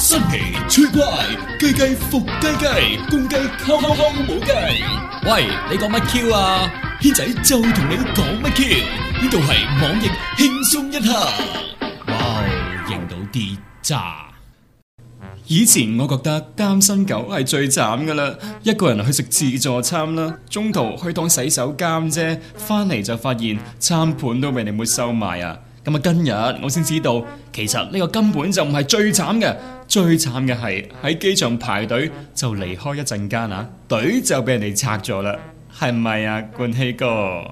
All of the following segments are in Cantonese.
新奇趣怪，雞雞伏雞雞，公雞敲敲敲冇雞。喂，你講乜 Q 啊？軒仔就同你講乜 Q？呢度係網易輕鬆一刻。哇哦，認到啲渣。以前我覺得單身狗係最慘噶啦，一個人去食自助餐啦，中途去當洗手間啫，翻嚟就發現餐盤都俾你冇收埋啊！咁啊！今日我先知道，其實呢個根本就唔係最慘嘅，最慘嘅係喺機場排隊就離開一陣間啊，隊就俾人哋拆咗啦，係咪啊，冠希哥？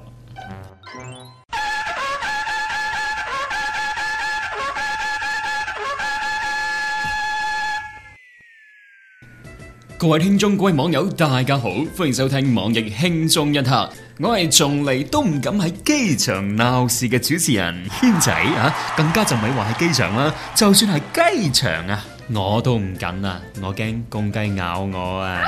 各位聽眾、各位網友，大家好，歡迎收聽網易輕鬆一刻。我係從嚟都唔敢喺機場鬧事嘅主持人軒仔啊，更加就唔係話喺機場啦，就算係雞場啊，我都唔敢啊，我驚公雞咬我啊。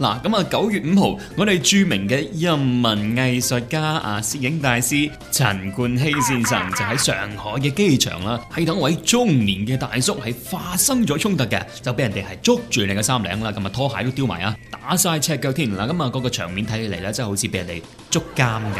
嗱，咁啊九月五號，我哋著名嘅人民藝術家啊，攝影大師陳冠希先生就喺上海嘅機場啦，係等位中年嘅大叔係發生咗衝突嘅，就俾人哋係捉住你嘅衫領啦，咁啊拖鞋都丟埋啊，打晒赤腳添。嗱，咁啊嗰個場面睇起嚟咧，真係好似俾人哋捉監咁。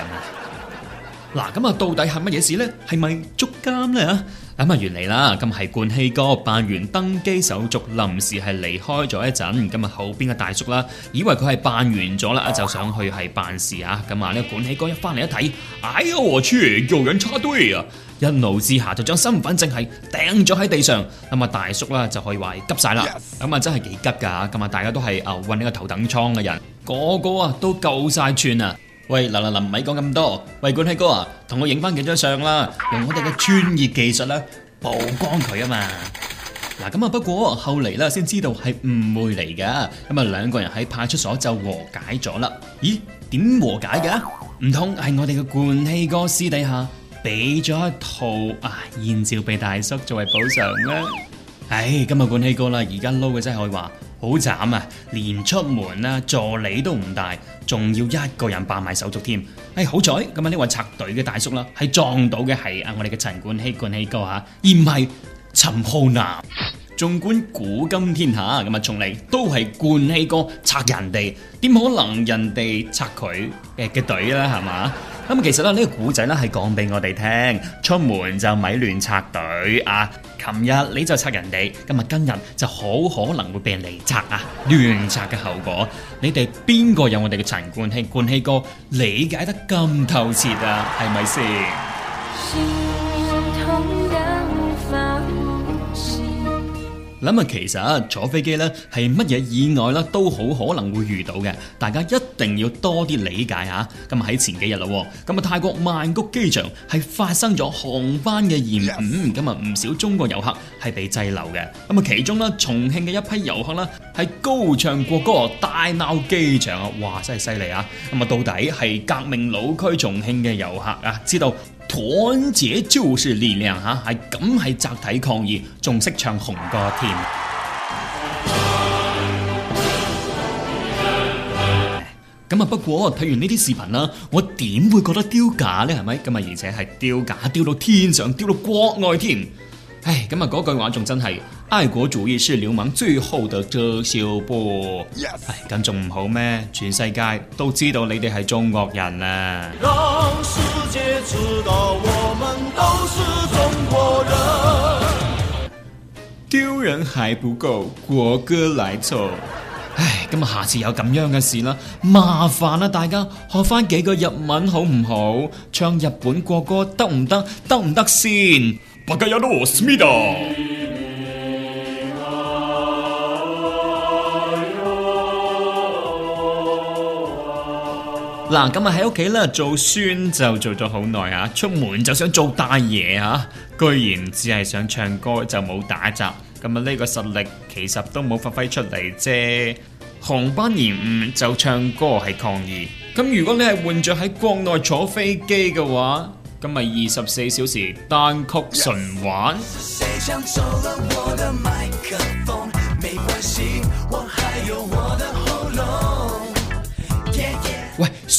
嗱，咁啊到底係乜嘢事咧？係咪捉監咧啊？咁啊，原嚟啦，咁係冠希哥辦完登機手續，臨時係離開咗一陣。咁啊後邊嘅大叔啦，以為佢係辦完咗啦，就上去係辦事啊。咁啊，呢個冠希哥一翻嚟一睇，哎喲，出嚟有人插隊啊！一怒之下就將身份證係掟咗喺地上。咁啊，大叔啦就可以話急晒啦。咁啊，真係幾急噶。咁啊，大家都係啊，揾呢個頭等艙嘅人，個個啊都夠晒串啊！喂，嗱嗱臨，唔使講咁多，喂冠希哥啊，同我影翻幾張相啦，用我哋嘅專業技術啦，曝光佢啊嘛。嗱，咁啊，不過後嚟啦，先知道係誤會嚟噶，咁啊兩個人喺派出所就和解咗啦。咦，點和解嘅？唔通係我哋嘅冠希哥私底下俾咗一套啊艷照俾大叔作為補償啦。唉，今日冠希哥啦，而家撈嘅真係可以話。好慘啊！連出門啦，助理都唔帶，仲要一個人辦埋手續添。哎，好彩咁啊！呢位插隊嘅大叔啦，係撞到嘅係啊我哋嘅陳冠希冠希哥吓，而唔係陳浩南。縱觀古今天下，咁啊從嚟都係冠希哥插人哋，點可能人哋插佢誒嘅隊啦？係嘛？咁其實咧呢、這個古仔咧係講俾我哋聽，出門就咪亂拆隊啊！琴日，你就拆人哋，今日今日就好可能會被人嚟拆啊！亂拆嘅後果，你哋邊個有我哋嘅陳冠希冠希哥理解得咁透徹啊？係咪先？咁啊，其實坐飛機咧，係乜嘢意外咧，都好可能會遇到嘅。大家一定要多啲理解吓。今日喺前幾日咯，咁啊，泰國曼谷機場係發生咗航班嘅延誤，咁啊唔少中國遊客係被滯留嘅。咁啊，其中呢，重慶嘅一批遊客咧，係高唱國歌、大鬧機場啊！哇，真係犀利啊！咁啊，到底係革命老區重慶嘅遊客啊，知道？團結就是力量，吓係咁係集體抗議，仲識唱紅歌添。咁啊， 不過睇完呢啲視頻啦，我點會覺得丟架呢？係咪？咁啊，而且係丟架，丟到天上，丟到國外添啊。唉，咁啊，嗰句話仲真係，愛國主義是流氓最後的遮羞布。Yes!」唉，咁仲唔好咩？全世界都知道你哋係中國人啦。.知道我們都是中國人，丟人還不夠，國歌來湊。唉，今日下次有咁樣嘅事啦，麻煩啦，大家學翻幾個日文好唔好？唱日本國歌得唔得？得唔得先？行不行？行不行？嗱，咁啊喺屋企咧做孫就做咗好耐啊，出門就想做大爺啊，居然只係想唱歌就冇打雜，咁啊呢個實力其實都冇發揮出嚟啫。航班延誤就唱歌係抗議，咁如果你係換著喺國內坐飛機嘅話，咁咪二十四小時單曲循環。Yes.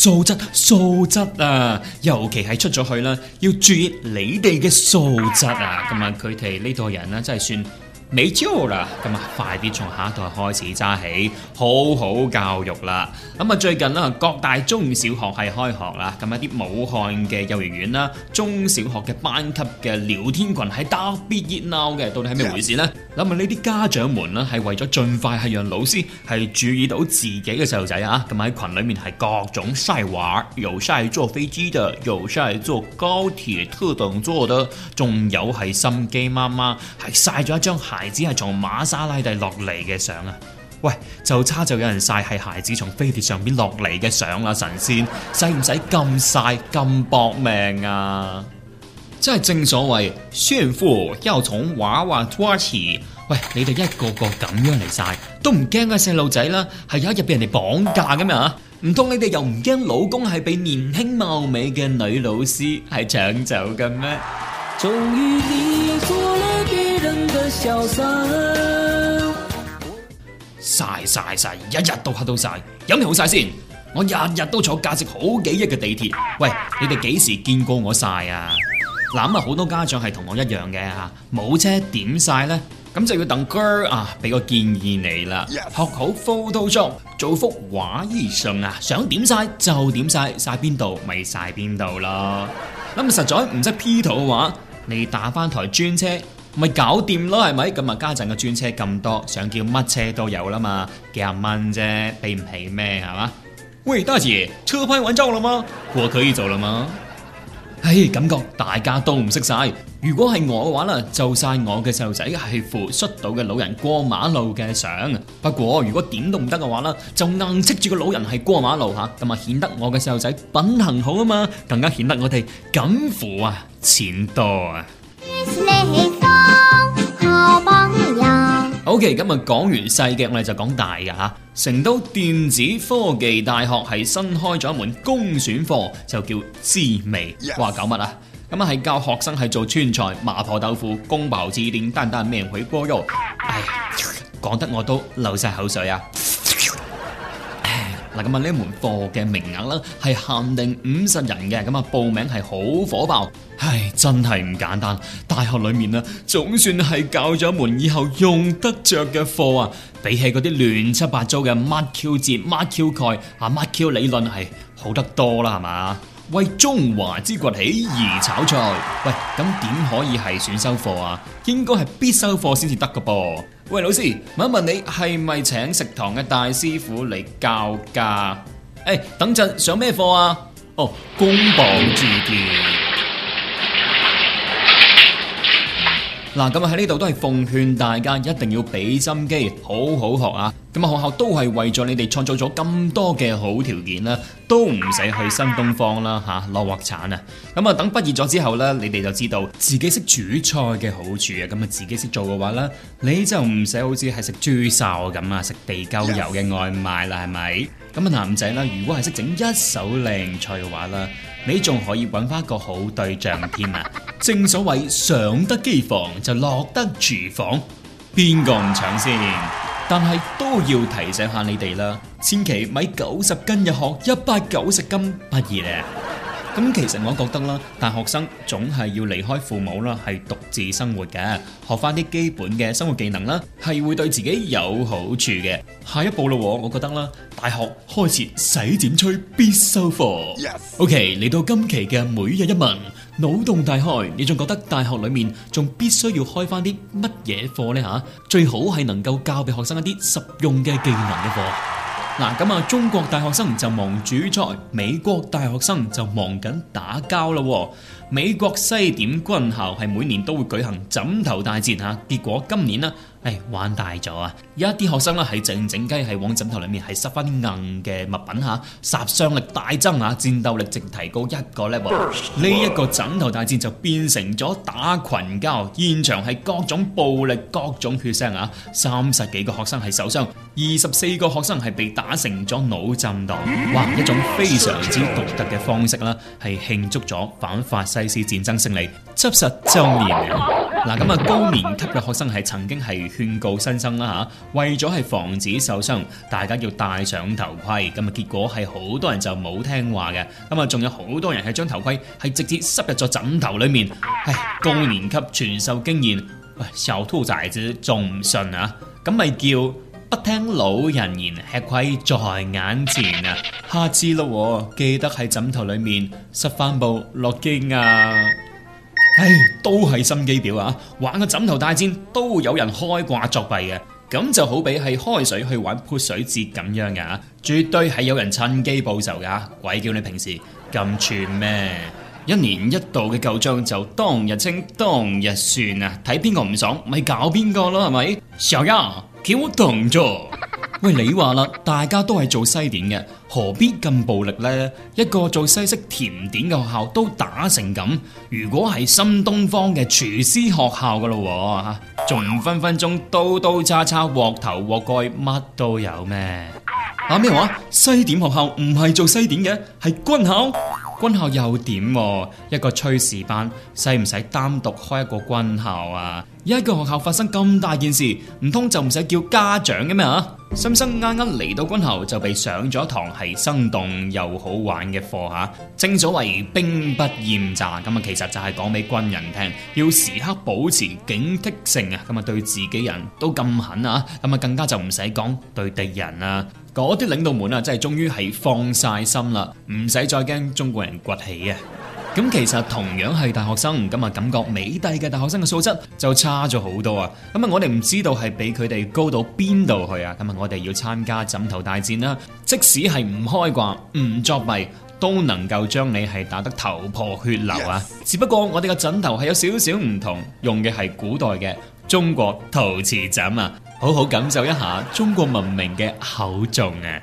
素質，素質啊，尤其係出咗去啦，要注意你哋嘅素質啊，同埋佢哋呢代人呢真係算。你招啦，咁啊快啲從下一代開始揸起，好好教育啦。咁啊最近啦，各大中小學係開學啦，咁一啲武漢嘅幼兒園啦、中小學嘅班級嘅聊天群係特別熱鬧嘅，到底係咩回事咧？咁啊呢啲家長們啦，係為咗盡快係讓老師係注意到自己嘅細路仔啊，咁喺群裏面係各種晒娃，又曬坐飛機嘅，又曬坐高鐵特等座的，仲有係心機媽媽，係曬咗一張。孩子係從瑪莎拉蒂落嚟嘅相啊！喂，就差就有人晒係孩子從飛碟上邊落嚟嘅相啦！神仙，使唔使咁晒咁搏命啊？真係正所謂，炫富又從畫畫 twaty。喂，你哋一個個咁樣嚟晒，都唔驚個細路仔啦？係有一日俾人哋綁架嘅嘛。唔通你哋又唔驚老公係俾年輕貌美嘅女老師係搶走嘅咩？終於晒晒晒，一日到黑都晒，有咩好晒先。我日日都坐價值好幾億嘅地鐵，喂，你哋幾時見過我晒啊？嗱，咁啊，好多家長係同我一樣嘅吓，冇車點晒咧，咁就要等 girl 啊，俾個建議你啦，學好 Photoshop，做幅畫意信啊，想點晒就點晒，晒邊度咪晒邊度咯。咁實在唔識 P 圖嘅話，你打翻台專車。咪搞掂啦，係咪？咁啊，家陣嘅專車咁多，想叫乜車都有啦嘛，幾十蚊啫，俾唔起咩，係嘛？喂，大姐，車牌穩周啦嘛？我可以做啦嘛？唉、哎，感覺大家都唔識晒。如果係我嘅話啦，就晒我嘅細路仔係扶摔倒嘅老人過馬路嘅相。不過如果點都唔得嘅話啦，就硬識住個老人係過馬路吓，咁啊顯得我嘅細路仔品行好啊嘛，更加顯得我哋咁富啊錢多啊！嗯嗯好嘅、啊，今、okay，講完細嘅，我哋就講大嘅吓。成都電子科技大學係新開咗一門公選課，就叫滋味。Yes. 哇，搞乜啊？咁啊係教學生係做川菜麻婆豆腐、宮保雞丁、單單咩鬼回鍋肉，講得我都流晒口水啊！嗱咁啊，呢一門課嘅名額啦係限定五十人嘅，咁啊報名係好火爆，唉，真係唔簡單。大學裏面啊，總算係教咗門以後用得着嘅課啊，比起嗰啲亂七八糟嘅乜 Q 節、乜 Q 概、啊乜 Q 理論係好得多啦，係嘛？為中華之崛起而炒菜，喂，咁點可以係選修課啊？應該係必修課先至得㗎噃。喂，老師，問一問你係咪請食堂嘅大師傅嚟教噶？誒、欸，等陣上咩課啊？哦，公法之調。嗱，今日喺呢度都係奉勸大家一定要俾心機，好好學啊！咁學校都係為咗你哋創造咗咁多嘅好條件啦，都唔使去新東方啦吓，啊，落鑊鏟啊！咁啊，等畢業咗之後咧，你哋就知道自己識煮菜嘅好處啊！咁啊，自己識做嘅話咧，你就唔使好似係食豬潲咁啊，食地溝油嘅外賣啦，係咪？咁啊，男仔啦，如果係識整一手靚菜嘅話啦，你仲可以搵翻一個好對象添啊！ 正所謂上得機房就落得廚房，邊個唔搶先？但係都要提醒下你哋啦，千祈咪九十斤入學，一百九十斤不宜咧。咁 其實我覺得啦，大學生總係要離開父母啦，係獨自生活嘅，學翻啲基本嘅生活技能啦，係會對自己有好處嘅。下一步咯，我覺得啦，大學開設洗剪吹必修課。Yes. OK，嚟到今期嘅每日一問。腦洞大開，你仲覺得大學裏面仲必須要開翻啲乜嘢課呢？吓？最好係能夠教俾學生一啲實用嘅技能嘅課。嗱，咁啊，中國大學生就忙煮菜，美國大學生就忙緊打交咯。美國西點軍校係每年都會舉行枕頭大戰嚇、啊，結果今年呢，誒玩大咗啊！一啲學生呢，係靜靜雞係往枕頭裡面係十分硬嘅物品嚇，殺、啊、傷力大增嚇、啊，戰鬥力值提高一個 level。呢一個枕頭大戰就變成咗打群交，現場係各種暴力、各種血腥啊。三十幾個學生係受傷，二十四個學生係被打成咗腦震盪。哇、啊！一種非常之獨特嘅方式啦，係慶祝咗反法西。是戰爭勝利七十週年。嗱，咁啊高年級嘅學生係曾經係勸告新生啦吓、啊，為咗係防止受傷，大家要戴上頭盔。咁啊結果係好多人就冇聽話嘅，咁啊仲有好多人係將頭盔係直接塞入咗枕頭裏面。唉，高年級傳授經驗，喂、哎、小兔崽子仲唔信啊？咁咪叫。不聽老人言，吃虧在眼前啊！下次咯，記得喺枕頭裏面塞返部諾基亞啊！唉、哎，都係心機表啊！玩個枕頭大戰都有人開掛作弊嘅，咁就好比係開水去玩潑水節咁樣嘅吓、啊，絕對係有人趁機報仇嘅鬼、啊、叫你平時咁串咩？一年一度嘅舊賬就當日清當日算啊！睇邊個唔爽咪搞邊個咯，係咪？小一。幾好動咋？喂，你話啦，大家都係做西點嘅，何必咁暴力呢？一個做西式甜點嘅學校都打成咁，如果係新東方嘅廚師學校噶咯，吓仲，分分鐘刀刀叉叉、鑊頭鑊蓋，乜都有咩？啊咩話？西點學校唔係做西點嘅，係軍校。軍校又點？一個炊事班使唔使單獨開一個軍校啊？一個學校發生咁大件事，唔通就唔使叫家長嘅咩啊？新生啱啱嚟到軍後就被上咗堂係生動又好玩嘅課吓，正所謂兵不厭詐，咁啊其實就係講俾軍人聽，要時刻保持警惕性啊！咁啊對自己人都咁狠啊，咁啊更加就唔使講對敵人啦，嗰啲領導們啊真係終於係放晒心啦，唔使再驚中國人崛起啊！咁其實同樣係大學生，咁啊感覺美帝嘅大學生嘅素質就差咗好多啊！咁啊我哋唔知道係比佢哋高到邊度去啊！咁啊我哋要參加枕頭大戰啦、啊，即使係唔開掛、唔作弊，都能夠將你係打得頭破血流啊！Yes. 只不過我哋嘅枕頭係有少少唔同，用嘅係古代嘅中國陶瓷枕啊！好好感受一下中國文明嘅厚重啊！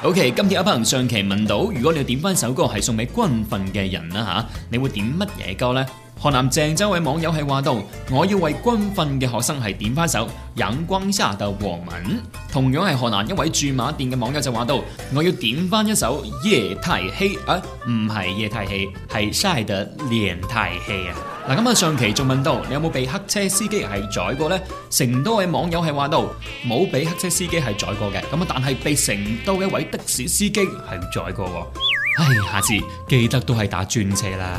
Ok，今天阿鵬上期問到，如果你要點翻首歌係送俾軍訓嘅人啦吓，你會點乜嘢歌咧？河南鄭州位網友係話道：我要為軍訓嘅學生係點翻首《陽光下》到王文。同樣係河南一位駐馬店嘅網友就話道：我要點翻一首《夜太黑》啊，唔係《夜太黑》，係《曬得連太黑》啊。嗱，咁啊，上期仲問到你有冇被黑車司機係宰過呢？成都位網友係話道：冇俾黑車司機係宰過嘅。咁啊，但係被成都一位的士司機係宰過。唉，下次記得都係打專車啦。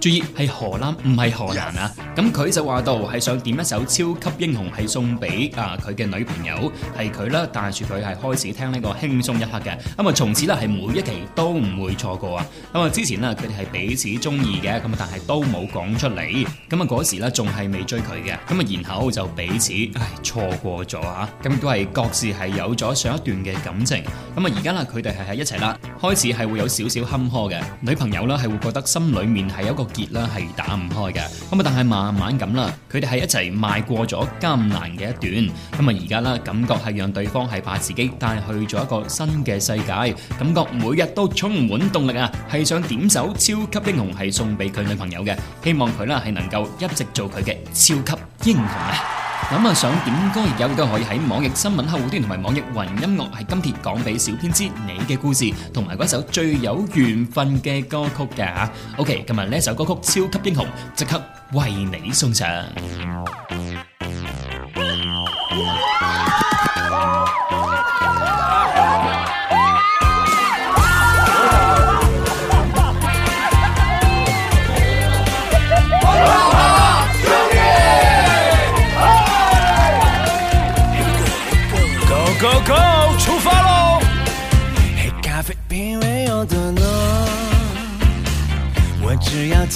注意係河南唔係河南啊！咁佢就話到係想點一首超級英雄係送俾啊佢嘅女朋友係佢啦，帶住佢係開始聽呢個輕鬆一刻嘅咁啊，從此咧係每一期都唔會錯過啊！咁啊，之前咧佢哋係彼此中意嘅，咁啊但係都冇講出嚟，咁啊嗰時咧仲係未追佢嘅，咁啊然後就彼此唉錯過咗嚇、啊，咁亦都係各自係有咗上一段嘅感情，咁啊而家啦佢哋係喺一齊啦，開始係會有少少坎坷嘅，女朋友啦係會覺得心裡面係有一個。結啦係打唔開嘅，咁啊但係慢慢咁啦，佢哋係一齊邁過咗艱難嘅一段，咁啊而家啦感覺係讓對方係把自己帶去咗一個新嘅世界，感覺每日都充滿動力啊，係想點首超級英雄係送俾佢女朋友嘅，希望佢呢係能夠一直做佢嘅超級英雄啊。咁啊，想點歌而家亦都可以喺網易新聞客戶端同埋網易雲音樂，係今次講俾小編知你嘅故事，同埋嗰一首最有緣分嘅歌曲嘅吓。OK，今日呢一首歌曲《超級英雄》，即刻為你送上。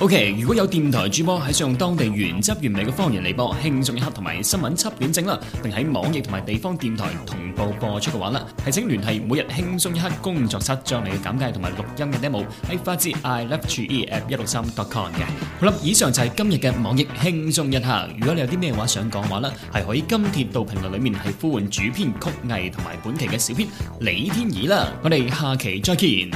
O.K. 如果有電台主播喺使用當地原汁原味嘅方言嚟播輕鬆一刻同埋新聞七點整啦，並喺網易同埋地方電台同步播出嘅話啦，係請聯繫每日輕鬆一刻工作室將你嘅簡介同埋錄音嘅 demo 喺發至 i love ge at 163 dot com 嘅。好啦，以上就係今日嘅網易輕鬆一刻。如果你有啲咩話想講話啦，係可以跟貼到評論裡面係呼喚主編曲藝同埋本期嘅小編李天怡啦。我哋下期再見。